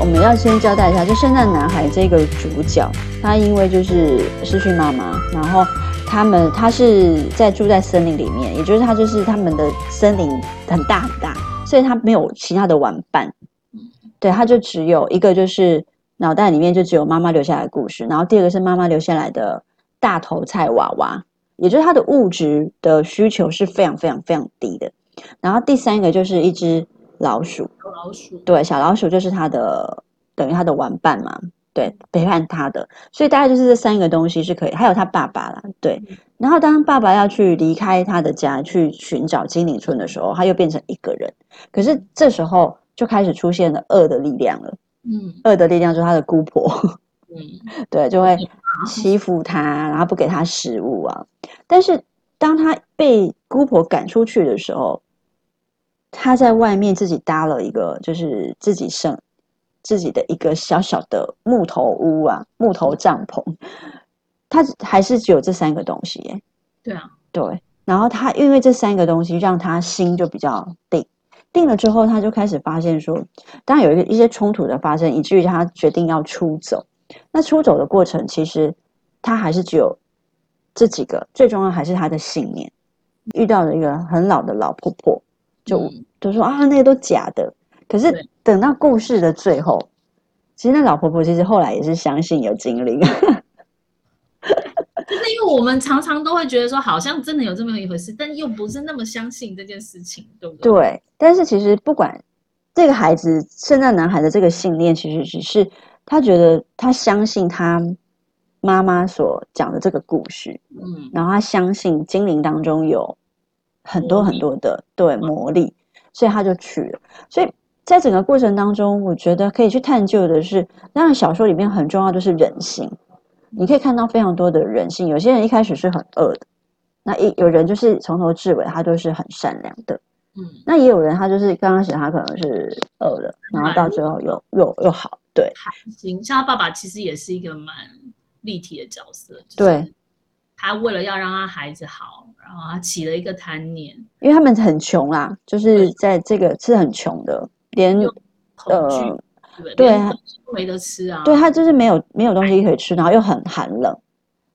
我們要先交代一下，就聖誕男孩這個主角，他因為就是失去媽媽，然後他們他是在住在森林裡面，也就是他就是他們的森林很大很大，所以他沒有其他的玩伴，對，他就只有一個，就是腦袋裡面就只有媽媽留下來的故事，然後第二個是媽媽留下來的大頭菜娃娃，也就是他的物質的需求是非常非常非常低的，然後第三個就是一隻。老鼠，小老鼠，對，小老鼠就是他的，等於他的玩伴嘛，對，陪伴他的，所以大概就是這三個東西是可以，還有他爸爸啦，對，嗯、然後當爸爸要去離開他的家去尋找精靈村的時候，他又變成一個人，嗯、可是這時候就開始出現了惡的力量了，嗯，惡的力量就是他的姑婆，嗯， 對，就會欺負他，嗯、然後不給他食物啊，但是當他被姑婆趕出去的時候。他在外面自己搭了一個，就是自己剩，自己的一個小小的木頭屋啊，木頭帳篷。他還是只有這三個東西耶。對啊，對。然後他因為這三個東西，讓他心就比較定。定了之後，他就開始發現說，當然有一個一些衝突的發生，以至於他決定要出走。那出走的過程，其實他還是只有這幾個，最重要還是他的信念。遇到了一個很老的老婆婆。就、嗯、就說啊，那些、個、都假的。可是等到故事的最後，對其實那老婆婆其實後來也是相信有精靈，就 是因為我們常常都會覺得說，好像真的有這麼一回事，但又不是那麼相信這件事情，對不對？對。但是其實不管這個孩子聖誕男孩的這個信念，其實只是他覺得他相信他媽媽所講的這個故事，嗯，然後他相信精靈當中有。很多很多的對魔力，所以他就去了。所以在整個過程當中，我覺得可以去探究的是，那小說裡面很重要的就是人性。你可以看到非常多的人性，有些人一開始是很惡的，那一有人就是從頭至尾他都是很善良的，嗯，那也有人他就是剛開始他可能是惡的，然後到最後又又又好，對。還行，像他爸爸其實也是一個蠻立體的角色，對，就是他為了要讓他孩子好。啊，然後起了一個貪念，因為他們很窮啦、啊，就是在這個是很窮的，連呃，對，沒對啊，沒得吃啊，對他就是沒有沒有東西可以吃，然後又很寒冷，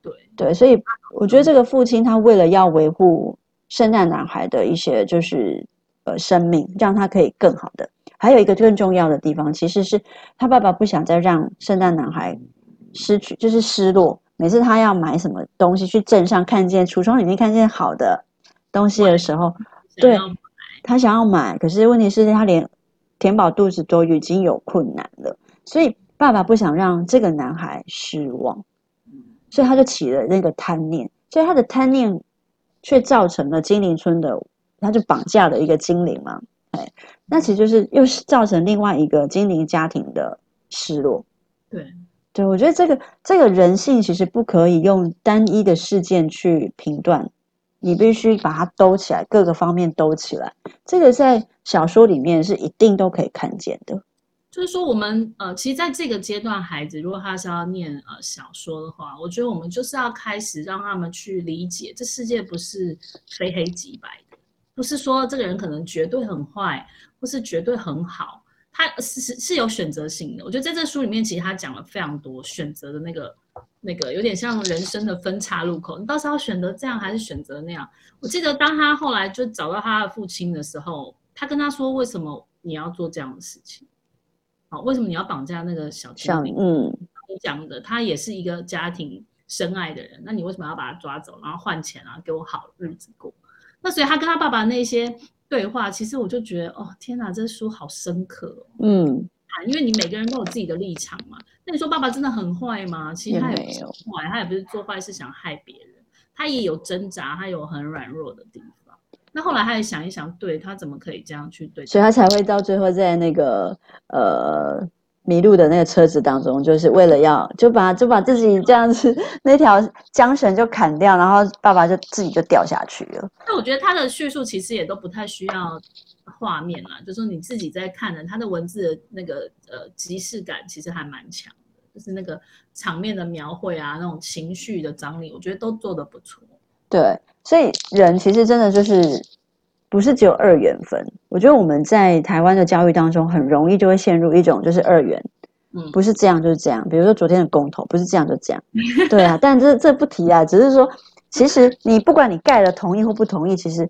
對對，所以我覺得這個父親他為了要維護聖誕男孩的一些就是呃生命，讓他可以更好的，還有一個更重要的地方，其實是他爸爸不想再讓聖誕男孩失去，就是失落。每次他要買什麼東西，去鎮上看見櫥窗裡面看見好的東西的時候，對，他想要買，可是問題是，他連填飽肚子都已經有困難了，所以爸爸不想讓這個男孩失望，所以他就起了那個貪念，所以他的貪念卻造成了精靈村的，他就綁架了一個精靈嘛，哎，那其實就是又是造成另外一個精靈家庭的失落，對。對，我覺得這個這個人性其實不可以用單一的事件去評斷，你必須把它兜起來，各個方面兜起來。這個在小說裡面是一定都可以看見的。就是說，我們呃，其實在這個階段，孩子如果他是要念呃小說的話，我覺得我們就是要開始讓他們去理解，這世界不是非黑即白的，不是說這個人可能絕對很壞，或是絕對很好。他是是是有選擇性的，我覺得在這書裡面，其實他講了非常多選擇的那個那個，有點像人生的分岔路口，你到時候選擇這樣還是選擇那樣。我記得當他後來就找到他的父親的時候，他跟他說：“為什麼你要做這樣的事情？啊、為什麼你要綁架那個小精靈？嗯，你講的他也是一個家庭深愛的人，那你為什麼要把他抓走，然後換錢啊，給我好日子過？那所以他跟他爸爸那些”對話，其實我就覺得哦天哪，這書好深刻哦。嗯，因為你每個人都有自己的立場嘛。那你說爸爸真的很壞嗎？其實他也不壞，也沒有，他也不是做壞事想害別人，他也有掙扎，他有很軟弱的地方。那後來他也想一想，對他怎麼可以這樣去對？所以他才會到最後在那個呃。迷路的那個車子當中，就是為了要就把就把自己這樣子那條韁繩就砍掉，然後爸爸就自己就掉下去了。但我覺得他的敘述其實也都不太需要畫面了，就是說你自己在看的，他的文字的那個呃即視感其實還蠻強的，就是那個場面的描繪啊，那種情緒的張力，我覺得都做得不錯。對，所以人其實真的就是。不是只有二元分，我覺得我們在台灣的教育當中，很容易就會陷入一種就是二元，嗯，不是這樣就是這樣。比如說昨天的公投，不是這樣就這樣，對啊。但這這不提啊，只是說，其實你不管你蓋了同意或不同意，其實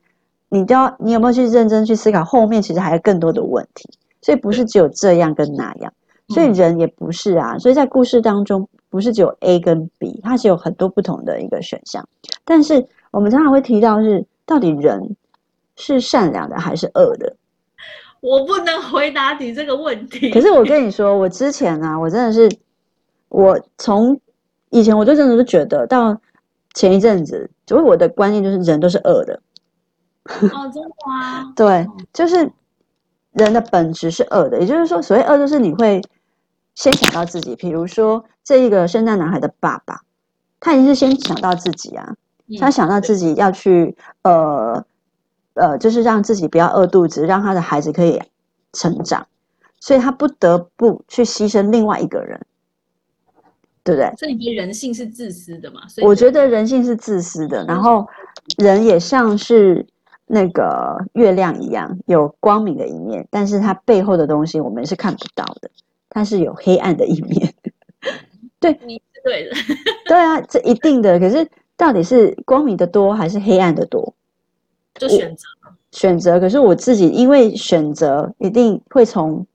你都要你有沒有去認真去思考，後面其實還有更多的問題。所以不是只有這樣跟那樣，所以人也不是啊。所以在故事當中，不是只有 A 跟 B，它是有很多不同的一個選項。但是我們常常會提到是到底人，是善良的還是惡的？我不能回答你這個問題。可是我跟你說，我之前啊，我真的是，我從以前我就真的是覺得到前一陣子，就是我的觀念就是人都是惡的。 哦，真的啊？對，就是人的本質是惡的，也就是說，所謂惡就是你會先想到自己。比如說，這一個聖誕男孩的爸爸，他已經是先想到自己啊，他想到自己要去 Yeah. 呃。呃，就是讓自己不要餓肚子，讓他的孩子可以成長，所以他不得不去犧牲另外一個人，對不對？所以，你覺得人性是自私的嘛？所以，我覺得人性是自私的。然後，人也像是那個月亮一樣，有光明的一面，但是它背後的東西我們是看不到的，它是有黑暗的一面。對，你是對的， 對啊，這一定的。可是，到底是光明的多還是黑暗的多？就選擇，選擇。可是我自己，因為選擇一定會從，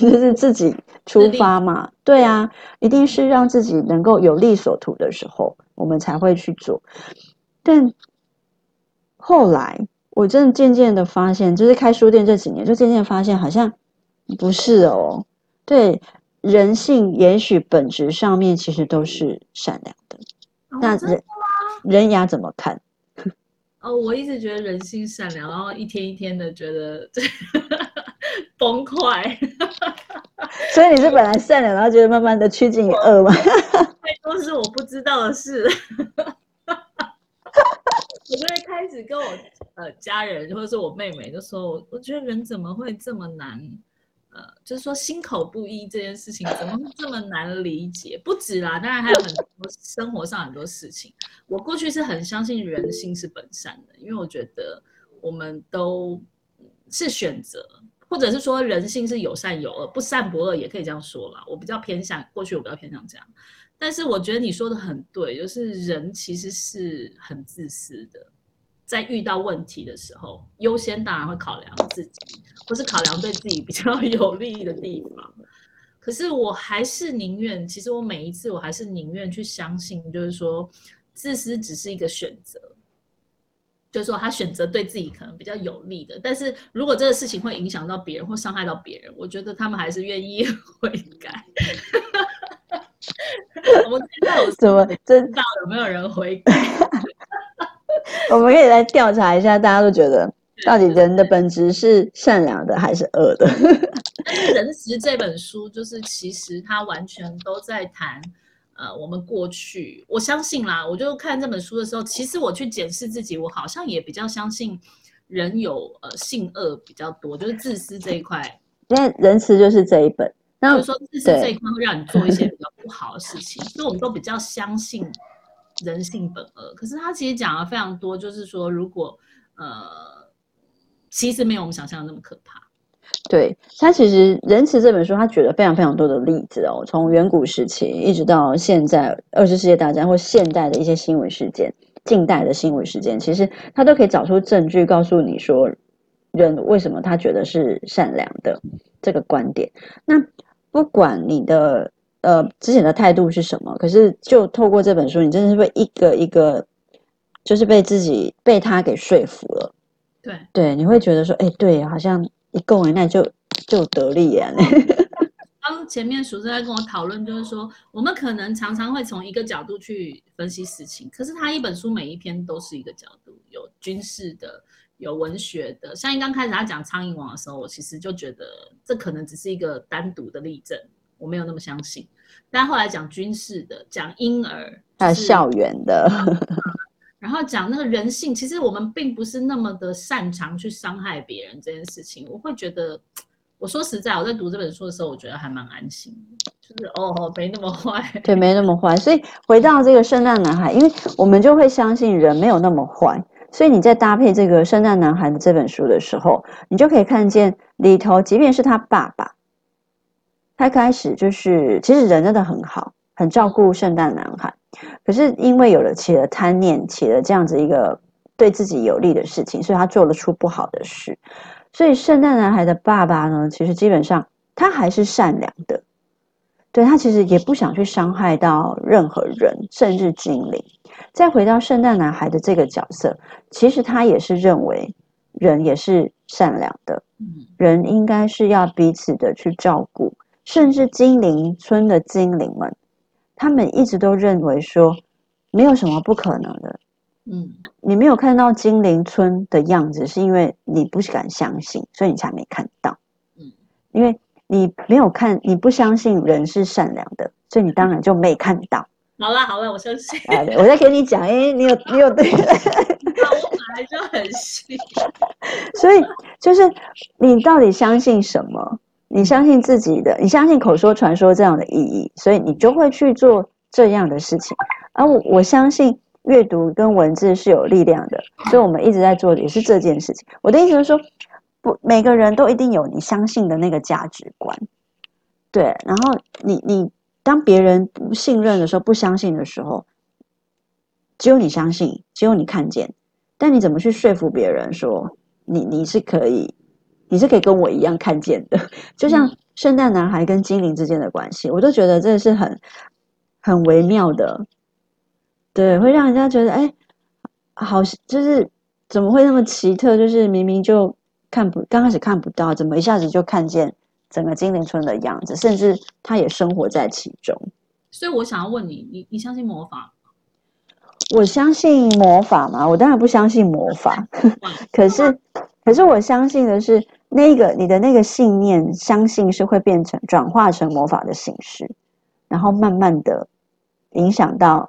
正、就是自己出發嘛。對啊，一定是讓自己能夠有利所圖的時候，我們才會去做。但後來，我真的漸漸的發現，就是開書店這幾年，就漸漸發現，好像不是哦。對，人性也許本質上面其實都是善良的。那人、人牙怎麼看？哦，我一直覺得人心善良，然後一天一天的覺得呵呵崩潰。所以你是本來善良，然後覺得慢慢的趨近於惡嗎？都是我不知道的事， 我就會開始跟我呃家人或者是我妹妹就說，我覺得人怎麼會這麼難？呃，就是說心口不一這件事情，怎麼會這麼難理解？不止啦，當然還有很多生活上很多事情。我過去是很相信人性是本善的，因為我覺得我們都是選擇，或者是說人性是有善有惡，不善不惡也可以這樣說啦。我比較偏向過去，我比較偏向這樣，但是我覺得你說的很對，就是人其實是很自私的。在遇到問題的時候，優先當然會考量自己，或是考量對自己比較有利的地方。可是我還是寧願，其實我每一次我還是寧願去相信，就是說，自私只是一個選擇，就是說他選擇對自己可能比較有利的。但是如果這個事情會影響到別人或傷害到別人，我覺得他們還是願意悔改。 我知道有什麼？知道有真沒有人悔改？ 我們可以來調查一下，大家都覺得到底人的本質是善良的還是惡的？ 但是《仁慈》這本書，就是其實它完全都在談、呃，我們過去，我相信啦，我就看這本書的時候，其實我去檢視自己，我好像也比較相信人有呃性惡比較多，就是自私這一塊。因為《仁慈》就是這一本，然後就是說自私這一塊會讓你做一些比較不好的事情，對 所以我們都比較相信。人性本惡，可是他其實講了非常多，就是說，如果呃，其實沒有我們想象的那麼可怕。對，他其實《仁慈》這本書，他舉了非常非常多的例子哦，從遠古時期一直到現在，二次世界大戰或現代的一些新聞事件，近代的新聞事件，其實他都可以找出證據，告訴你說，人為什麼他覺得是善良的這個觀點。那不管你的。呃，之前的態度是什麼？可是就透過這本書，你真的是被一個一個，就是被自己被他給說服了。對對，你會覺得說，哎、欸，對，好像一共建耐就就得力呀、啊。剛、欸、前面主持在跟我討論，就是說我們可能常常會從一個角度去分析事情，可是他一本書每一篇都是一個角度，有軍事的，有文學的。像一剛開始他講《蒼蠅王》的時候，我其實就覺得這可能只是一個單獨的例證，我沒有那麼相信。但後來講軍事的，講嬰兒，講、就是啊、校園的， 然後講那個人性。其實我們並不是那麼的擅長去傷害別人這件事情。我會覺得，我說實在，我在讀這本書的時候，我覺得還蠻安心。就是，哦，沒那麼壞，對，沒那麼壞。所以回到這個聖誕男孩，因為我們就會相信人沒有那麼壞，所以你在搭配這個聖誕男孩的這本書的時候，你就可以看見裡頭，即便是他爸爸。他開始就是，其實人真的很好，很照顧聖誕男孩。可是因為有了起了貪念，起了這樣子一個對自己有利的事情，所以他做了出不好的事。所以聖誕男孩的爸爸呢，其實基本上他還是善良的，對，他其實也不想去傷害到任何人，甚至精靈。再回到聖誕男孩的這個角色，其實他也是認為人也是善良的，人應該是要彼此的去照顧。甚至精靈村的精靈們，他們一直都認為說，沒有什麼不可能的。嗯，你沒有看到精靈村的樣子，是因為你不敢相信，所以你才沒看到。嗯，因為你沒有看，你不相信人是善良的，所以你當然就沒看到。好了好了，我相信、啊。我再給你講，誒、欸、你有你有對。 好，我本來就很信。 所以就是你到底相信什麼？你相信自己的，你相信口說傳說這樣的意義，所以你就會去做這樣的事情。而、啊、我我相信閱讀跟文字是有力量的，所以我們一直在做的也是這件事情。我的意思是說，不，每個人都一定有你相信的那個價值觀。對，然後你你當別人不信任的時候、不相信的時候，只有你相信，只有你看見，但你怎麼去說服別人說你你是可以？你是可以跟我一樣看見的，就像聖誕男孩跟精靈之間的關係，我都覺得這是很很微妙的，對，會讓人家覺得哎、欸，好，就是怎麼會那麼奇特？就是明明就看不剛開始看不到，怎麼一下子就看見整個精靈村的樣子，甚至他也生活在其中。所以我想要問你，你你相信魔法？我相信魔法嗎？我當然不相信魔法，可是可是我相信的是。那個你的那個信念，相信是會變成轉化成魔法的形式，然後慢慢的影響到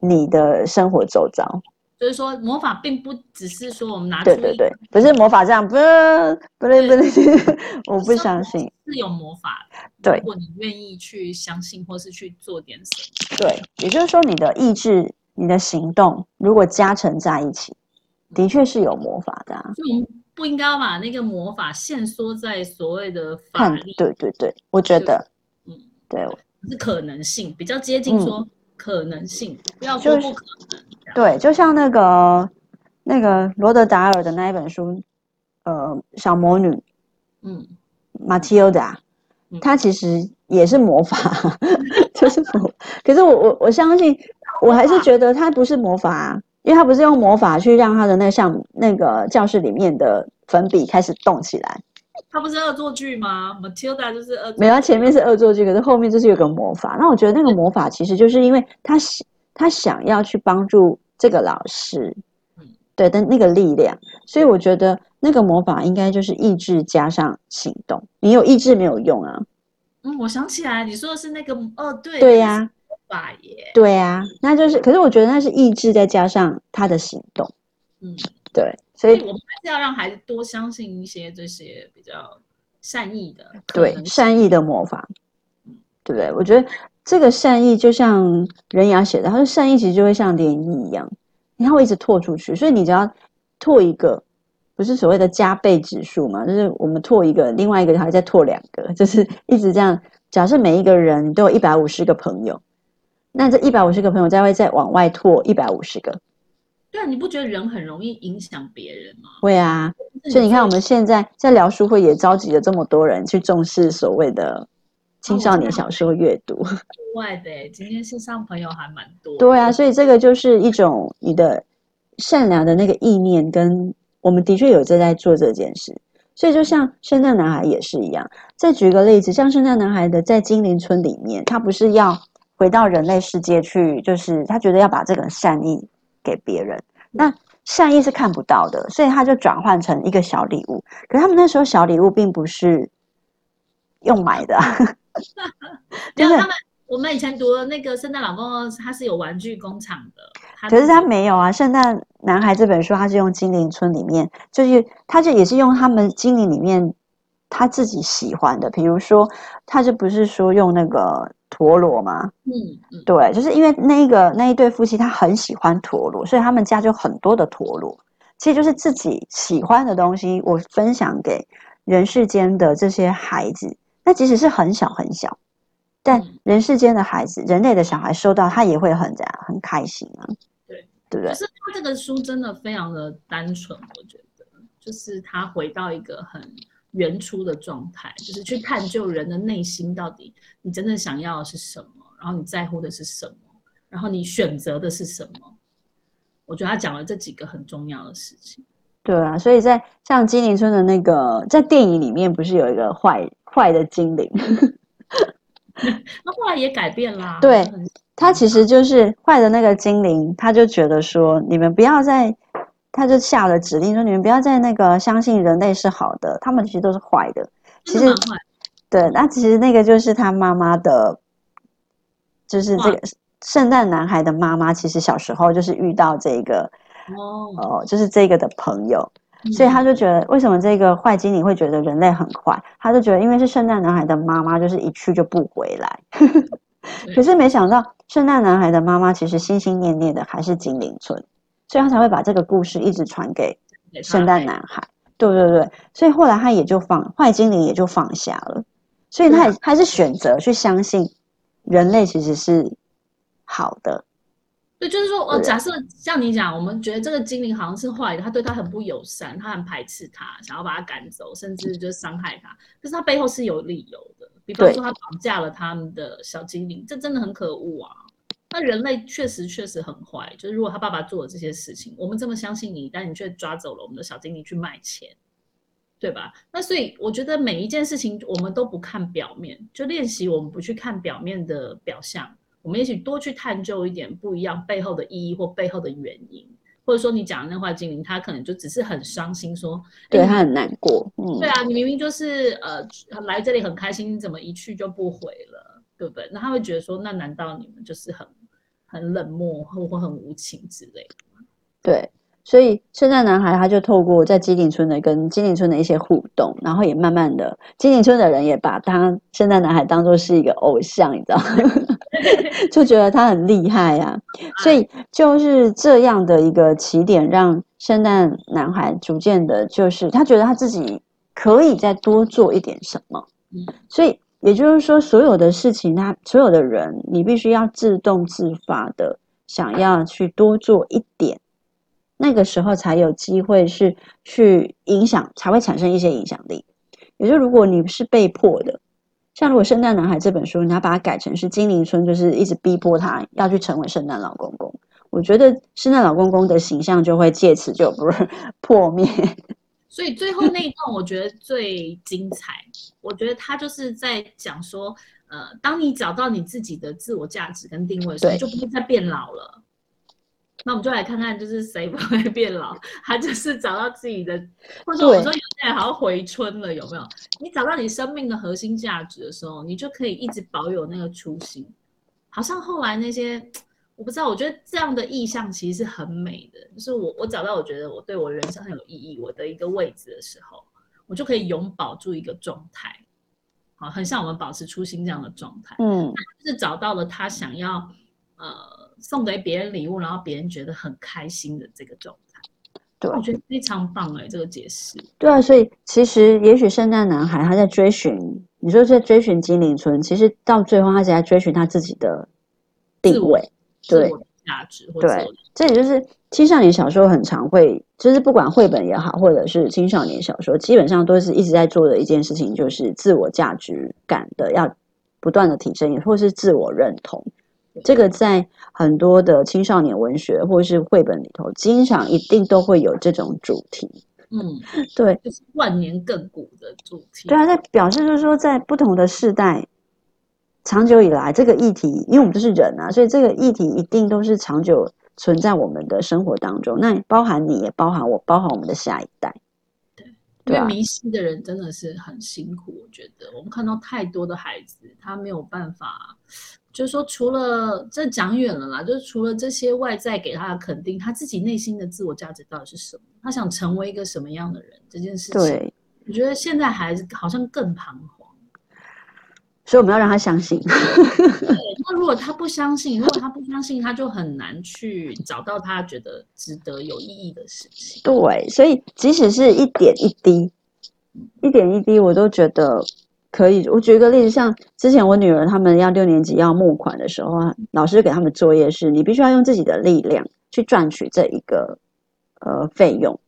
你的生活周遭。就是說，魔法並不只是說我們拿出，對對對，不是魔法這樣，不是不對不對，我不相信是有魔法的。對，如果你願意去相信，或是去做點什麼，對，也就是說，你的意志、你的行動，如果加成在一起，的確是有魔法的，啊。就。不應該把那個魔法限縮在所謂的法力，對對對，我覺得，嗯，對，是可能性，比較接近說可能性，嗯、不要說不可能。就，對，就像那個那個羅德達爾的那一本書，呃，小魔女，嗯，Matilda，í、嗯、她其實也是魔法， 就是，可是我我我相信，我還是覺得她不是魔法。因為他不是用魔法去讓他的那個像那個教室裡面的粉筆開始動起來，他不是惡作劇嗎？Matilda 就是惡作劇。沒有，前面是惡作劇，可是後面就是有個魔法。那我覺得那個魔法其實就是因為他想對他想要去幫助這個老師，對，但那個力量，所以我覺得那個魔法應該就是意志加上行動。你有意志沒有用啊？嗯，我想起來，你說的是那個二、哦、對，對呀、啊。法耶，對啊，那就是，可是我覺得那是意志再加上他的行動，嗯，對，所以，所以我們還是要讓孩子多相信一些這些比較善意的，對，善意的魔法，嗯，對不對？我覺得這個善意就像人牙寫的，他說善意其實就會像漣漪一樣，看會一直拓出去，所以你只要拓一個，不是所謂的加倍指數嘛，就是我們拓一個，另外一個還再拓兩個，就是一直這樣。假設每一個人都有一百五十個朋友，那這一百五十個朋友再會，再往外拓一百五十個，對啊，你不覺得人很容易影響別人嗎？會啊，所以你看我們現在在聊書會也召集了這麼多人去重視所謂的青少年小說閱讀。意外的，今天線上朋友還蠻多。對啊，所以這個就是一種你的善良的那個意念，跟我們的確有在在做這件事。所以就像《聖誕男孩》也是一樣。再舉一個例子，像《聖誕男孩》的在精靈村裡面，他不是要。回到人類世界去，就是他覺得要把這個善意給別人。那善意是看不到的，所以他就轉換成一個小禮物。可是他們那時候小禮物並不是用買的啊。 沒有 對他們，我們以前讀的那個聖誕老公公，他是有玩具工廠的。可是他沒有啊，《聖誕男孩》這本書，他是用精靈村裡面，就是他就也是用他們精靈裡面他自己喜歡的，比如說，他就不是說用那個。陀螺嗎？嗯，嗯對，就是因為那一個那一對夫妻他很喜歡陀螺，所以他們家就很多的陀螺。其實就是自己喜歡的東西，我分享給人世間的這些孩子。那即使是很小很小，但人世間的孩子，嗯、人類的小孩收到他也會很這樣很開心啊。對，對不對？可是他這個書真的非常的單純，我覺得就是他回到一個很。原初的狀態，就是去探究人的內心到底你真正想要的是什麼，然後你在乎的是什麼，然後你選擇的,的是什麼。我覺得他講了這幾個很重要的事情。對啊，所以在像《金靈村》的那個在電影裡面，不是有一個壞壞的精靈？那 後來也改變啦。對他其實就是壞的那個精靈，他就覺得說：你們不要再。他就下了指令說：“你們不要再那個相信人類是好的，他們其實都是壞的。其實，對，那、啊、其實那個就是他媽媽的，就是這個哇聖誕男孩的媽媽。其實小時候就是遇到這個哦，哦，就是這個的朋友，嗯、所以他就覺得為什麼這個壞精靈會覺得人類很壞？他就覺得因為是聖誕男孩的媽媽，就是一去就不回來。呵呵對可是沒想到，聖誕男孩的媽媽其實心心念念的還是精靈村。”所以他才會把這個故事一直傳給聖誕男孩，對，對對對，所以後來他也就放壞精靈也就放下了，所以他也還是選擇去相信人類其實是好的。對，就是說哦、呃，假設像你講，我們覺得這個精靈好像是壞的，他對他很不友善，他很排斥他，想要把他趕走，甚至就是傷害他。可是他背後是有理由的，比方說他綁架了他們的小精靈，對這真的很可惡啊。那人類確實確實很壞，就是如果他爸爸做了這些事情，我們這麼相信你，但你卻抓走了我們的小精靈去賣錢，對吧？那所以我覺得每一件事情我們都不看表面，就練習我們不去看表面的表象，我們也許多去探究一點不一樣背後的意義或背後的原因，或者說你講的那話精靈，他可能就只是很傷心說，說對、欸、他很難過，嗯，對啊，你明明就是呃來這裡很開心，你怎麼一去就不回了，對不對？那他會覺得說，那難道你們就是很？很冷漠或很無情之類的，對。所以聖誕男孩他就透過在基鼎村的跟基鼎村的一些互動，然後也慢慢的，基鼎村的人也把他聖誕男孩當做是一個偶像，你知道嗎，就覺得他很厲害啊。啊所以就是這樣的一個起點，讓聖誕男孩逐漸的，就是他覺得他自己可以再多做一點什麼。嗯，所以。也就是說，所有的事情他，他所有的人，你必須要自動自發的想要去多做一點，那個時候才有機會是去影響，才會產生一些影響力。也就如果你是被迫的，像如果《聖誕男孩》這本書，你要把它改成是《精靈村》，就是一直逼迫他要去成為聖誕老公公，我覺得聖誕老公公的形象就會借此就不是破滅。所以最後那一段我覺得最精彩， 我覺得他就是在講說，呃，當你找到你自己的自我價值跟定位，所以就不會再變老了。對那我們就來看看，就是誰不會變老？他就是找到自己的，或者說，我說有些人好像回春了，對有沒有？你找到你生命的核心價值的時候，你就可以一直保有那個初心。好像後來那些。我不知道，我覺得這樣的意象其實是很美的。就是我我找到我覺得我對我人生很有意義，我的一個位置的時候，我就可以永保住一個狀態，好，很像我們保持初心這樣的狀態。嗯，就是找到了他想要呃送給別人禮物，然後別人覺得很開心的這個狀態。對，我覺得非常棒，哎、欸，這個解釋。對啊，所以其實也許聖誕男孩他在追尋，你說是在追尋精靈村，其實到最後他是在追尋他自己的定位。對，對，這也就是青少年小說很常會，就是不管繪本也好，或者是青少年小說，基本上都是一直在做的一件事情，就是自我價值感的要不斷的提升，也或是自我認同。對這個在很多的青少年文學或是繪本裡頭，經常一定都會有這種主題。嗯，對，就是萬年亘古的主題。對啊，在表示就是說，在不同的世代。長久以來，這個議題，因為我們就是人啊，所以這個議題一定都是長久存在我們的生活當中。那包含你也，包含我，包含我們的下一代。對，因為吧迷失的人真的是很辛苦，我覺得我們看到太多的孩子，他沒有辦法，就是說除了這講遠了啦，就是除了這些外在給他的肯定，他自己內心的自我價值到底是什麼？他想成為一個什麼樣的人？這件事情，對我覺得現在孩子好像更彷所以我們要讓他相信對。那 如果他不相信，如果他不相信，他就很難去找到他覺得值得有意義的事情。對，所以即使是一點一滴，一點一滴，我都覺得可以。我舉一個例子，像之前我女兒她們要六年級要募款的時候啊，老師給她們作業是你必須要用自己的力量去賺取這一個呃費用，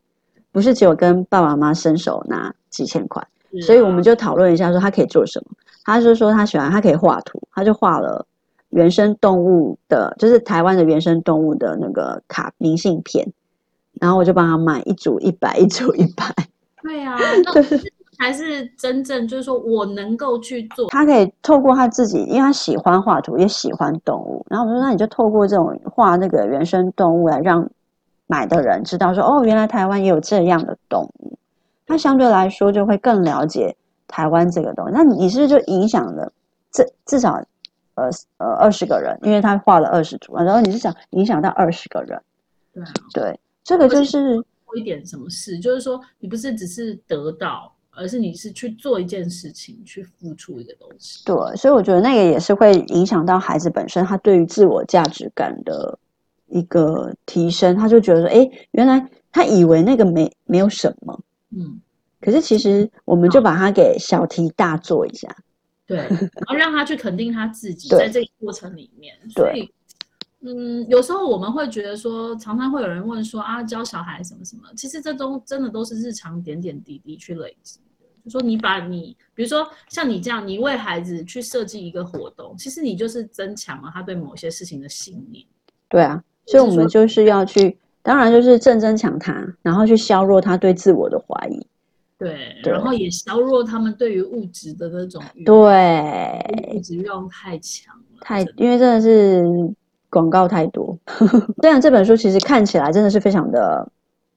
不是只有跟爸爸媽媽伸手拿幾千塊。啊、所以我們就討論一下，說他可以做什麼。他就是說他喜歡，他可以畫圖，他就畫了原生動物的，就是台灣的原生動物的那個卡明信片，然後我就幫他買一組一百，一組一百。對啊，這是才、 就是、是真正就是說我能夠去做。他可以透過他自己，因為他喜歡畫圖，也喜歡動物。然後我就說，那你就透過這種畫那個原生動物來讓買的人知道說，說哦，原來台灣也有這樣的動物，他相對來說就會更了解。台灣這個東西，那你是不是就影響了至，至至少，呃呃二十個人，因為他畫了二十組，然後你是想影響到二十個人，對、啊、對，這個就是、啊、說說一點什麼事，就是說你不是只是得到，而是你是去做一件事情，去付出一個東西。對，所以我覺得那個也是會影響到孩子本身，他對於自我價值感的一個提升，他就覺得說，哎、欸，原來他以為那個沒沒有什麼，嗯。可是其實我們就把他給小題大做一下，對， 然後讓他去肯定他自己，在這個過程裡面，對，所以對嗯，有時候我們會覺得說，常常會有人問說啊，教小孩什麼什麼，其實這都真的都是日常點點滴滴去累積的。就說你把你，比如說像你這樣，你為孩子去設計一個活動，其實你就是增強了他對某些事情的信念，對啊，所以我們就是要去，當然就是正增強他，然後去削弱他對自我的懷疑。對，對然後也削弱他們對於物質的那種對物質慾望太強了，太的因為真的是廣告太多。 雖然這本書其實看起來真的是非常的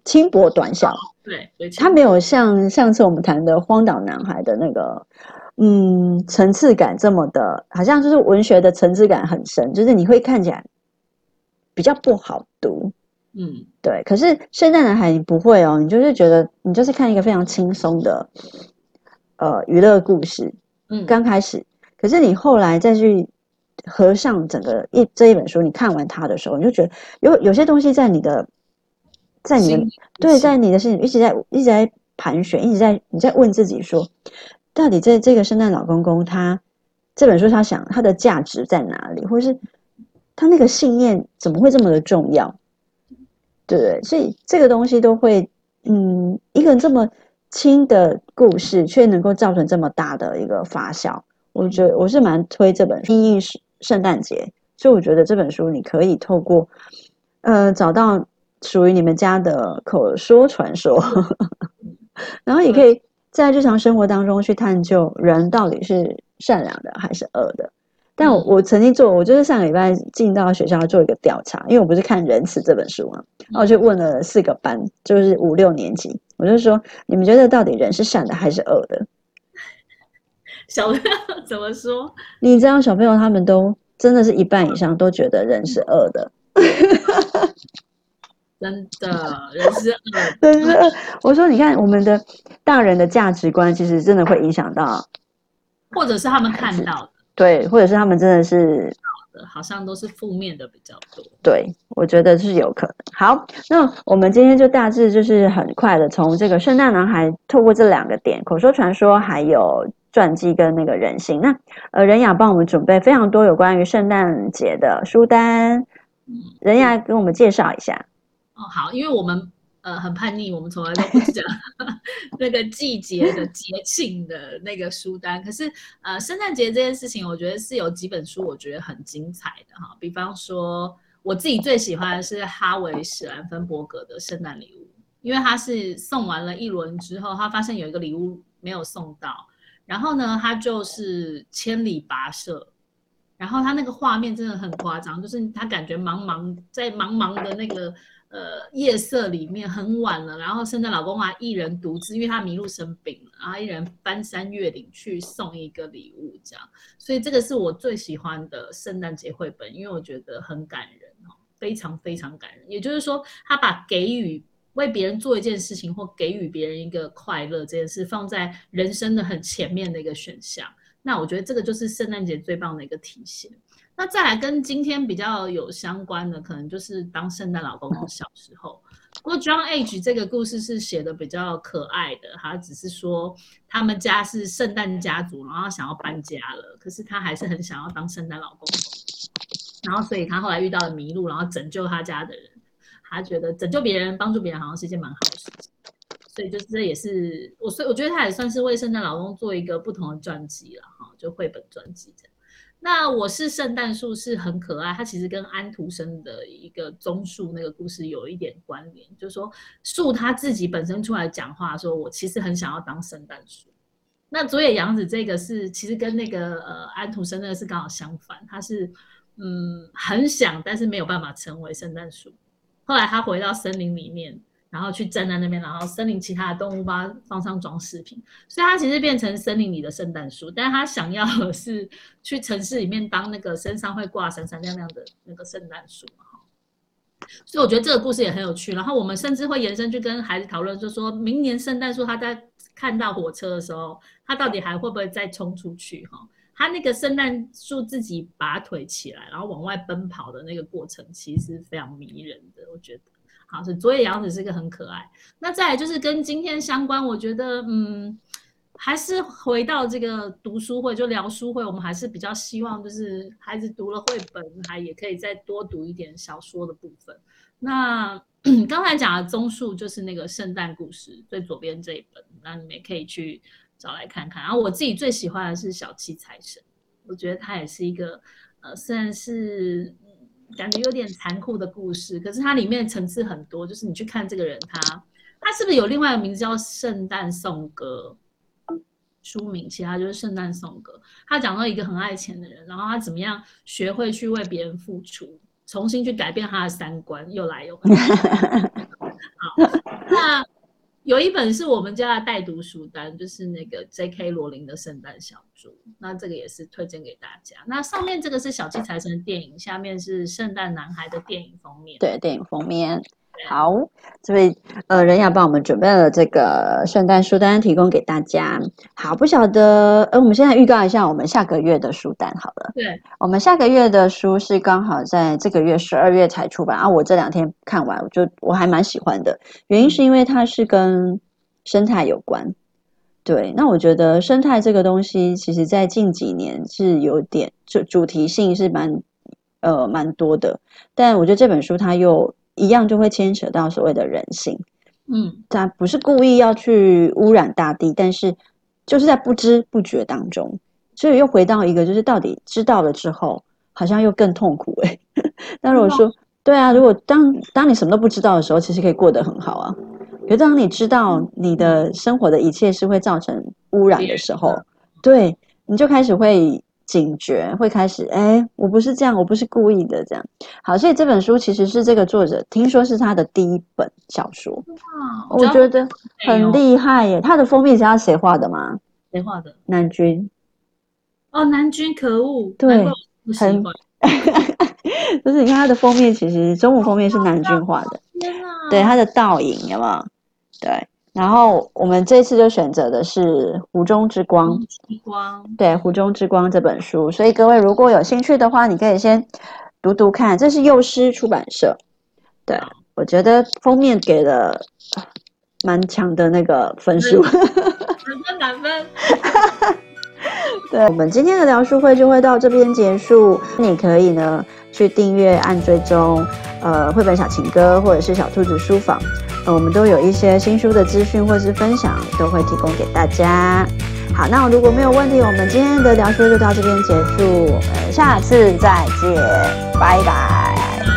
輕薄短小，對，它沒有像上次我們談的《荒島男孩》的那個嗯層次感這麼的，好像就是文學的層次感很深，就是你會看起來比較不好讀。嗯，對。可是聖誕男孩你不會哦，你就是覺得你就是看一個非常輕鬆的呃娛樂故事。嗯，剛開始，可是你後來再去合上整個一這一本書，你看完它的時候，你就覺得有有些東西在你的在你的信對在你的心裡一直在一直在盤旋，一直在你在問自己說，到底這這個聖誕老公公他這本書他想他的價值在哪裡，或者是他那個信念怎麼會這麼的重要？對，所以這個東西都會，嗯，一個人這麼輕的故事，卻能夠造成這麼大的一個發酵。我覺得我是蠻推這本，因應聖誕節，所以我覺得這本書你可以透過，呃，找到屬於你們家的口說傳說， 然後也可以在日常生活當中去探究人到底是善良的還是惡的。但我我曾經做，我就是上個禮拜進到學校做一個調查，因為我不是看《仁慈》這本書嘛、啊，然後我就問了四個班，就是五六年級，我就說：你們覺得到底人是善的還是惡的？小朋友怎麼說？你知道小朋友他們都真的是一半以上都覺得人是惡的， 真的，人是惡，真的。我說你看，我們的大人的價值觀其實真的會影響到，或者是他們看到。對，或者是他們真的是好的，好像都是負面的比較多。對，我覺得是有可能。好，那我們今天就大致就是很快的從這個聖誕男孩，透過這兩個點，口說傳說還有傳記跟那個人性。那呃，人雅幫我們準備非常多有關於聖誕節的書單，嗯、人雅給我們介紹一下。哦，好，因為我們。呃，很叛逆，我們從來都不講 那個季節的節慶的那個書單。可是，呃，聖誕節這件事情，我覺得是有幾本書我覺得很精彩的哈。比方說，我自己最喜歡的是哈維史蘭芬伯伯格的《聖誕禮物》，因為他是送完了一輪之後，他發現有一個禮物沒有送到，然後呢，他就是千里跋涉，然後他那個畫面真的很誇張，就是他感覺茫茫在茫茫的那個。呃，夜色裡面很晚了，然後聖誕老公公還一人獨自，因為他迷路生病了，然後一人翻山越嶺去送一個禮物，這樣。所以這個是我最喜歡的聖誕節繪本，因為我覺得很感人哦，非常非常感人。也就是說，他把給予為別人做一件事情，或給予別人一個快樂這件事，放在人生的很前面的一個選項。那我覺得這個就是聖誕節最棒的一個體現。那再來跟今天比較有相關的，可能就是當聖誕老公公小時候。不過 John Age 這個故事是寫的比較可愛的，他只是說他們家是聖誕家族，然後想要搬家了，可是他還是很想要當聖誕老公公。然後所以他後來遇到了麋鹿，然後拯救他家的人。他覺得拯救別人、幫助別人好像是一件蠻好的事情。對，就是這也是我，所以我覺得他也算是為聖誕老公做一個不同的專輯了哈，就繪本專輯這樣。那我是聖誕樹是很可愛，它其實跟安徒生的一個樅樹那個故事有一點關聯，就是說樹他自己本身出來講話說，說我其實很想要當聖誕樹。那佐野洋子這個是其實跟那個呃安徒生那個是剛好相反，他是嗯很想，但是沒有辦法成為聖誕樹，後來他回到森林裡面。然後去站在那邊，然後森林其他的動物把它放上裝飾品，所以它其實變成森林裡的聖誕樹。但是它想要的是去城市裡面當那個身上會掛閃閃亮亮的那個聖誕樹嘛哈。所以我覺得這個故事也很有趣。然後我們甚至會延伸去跟孩子討論，就是說明年聖誕樹他在看到火車的時候，他到底還會不會再衝出去哈？他那個聖誕樹自己拔腿起來，然後往外奔跑的那個過程，其實是非常迷人的，我覺得。好，是昨夜樣子是一個很可愛。那再來就是跟今天相關，我覺得嗯，還是回到這個讀書會，就聊書會，我們還是比較希望就是孩子讀了繪本，還也可以再多讀一點小說的部分。那剛才講的棕樹就是那個聖誕故事最左邊這一本，那你們也可以去找來看看。然後，啊，我自己最喜歡的是小七財神，我覺得它也是一個呃，雖然是。感覺有點殘酷的故事，可是它裡面層次很多。就是你去看這個人，他他是不是有另外一個名字叫《聖誕頌歌》？書名，其他就是《聖誕頌歌》。他講到一個很愛錢的人，然後他怎麼樣學會去為別人付出，重新去改變他的三觀，又來又回。 好，那。有一本是我們家的待讀書單，就是那個 J.K. 羅琳的《聖誕小豬》，那這個也是推薦給大家。那上面這個是小氣財神的電影，下面是聖誕男孩的電影封面。對，電影封面。好，這位呃，人雅幫我們準備了這個聖誕書單，提供給大家。好，不曉得，呃，我們現在預告一下我們下個月的書單好了。對，我們下個月的書是剛好在這個月十二月才出版啊，我這兩天看完，我就我還蠻喜歡的。原因是因為它是跟生態有關。對，那我覺得生態這個東西，其實在近幾年是有點就主題性是蠻呃蠻多的，但我覺得這本書它又。一樣就會牽扯到所謂的人性，嗯，他不是故意要去污染大地，但是就是在不知不覺當中，所以又回到一個，就是到底知道了之後，好像又更痛苦哎、欸。那 如果說對啊，如果當當你什麼都不知道的時候，其實可以過得很好啊。比如當你知道你的生活的一切是會造成污染的時候，對，你就開始會。警覺會開始，哎，我不是這樣，我不是故意的，這樣。好，所以這本書其實是這個作者，聽說是他的第一本小說，哇我覺得很厲害耶、哦。他的封面是他誰畫的嗎？誰畫的？南君軍。哦，南君可惡，對，很， 不是。就是你看他的封面，其實中文封面是南君畫的，哦天啊。對，他的倒影，有沒有？對。然後我們這次就選擇的是《湖中之光》光，對，《湖中之光》這本書。所以各位如果有興趣的話，你可以先讀讀看。這是幼獅出版社，對我覺得封面給了蠻強的那個分數，滿、嗯、 分，滿分。 對，我們今天的聊書會就會到這邊結束。你可以呢去訂閱、按追蹤，呃，繪本小情歌或者是小兔子書房。嗯，我們都有一些新書的資訊或是分享，都會提供給大家。好，那如果沒有問題，我們今天的聊書就到這邊結束，我們下次再見，拜拜。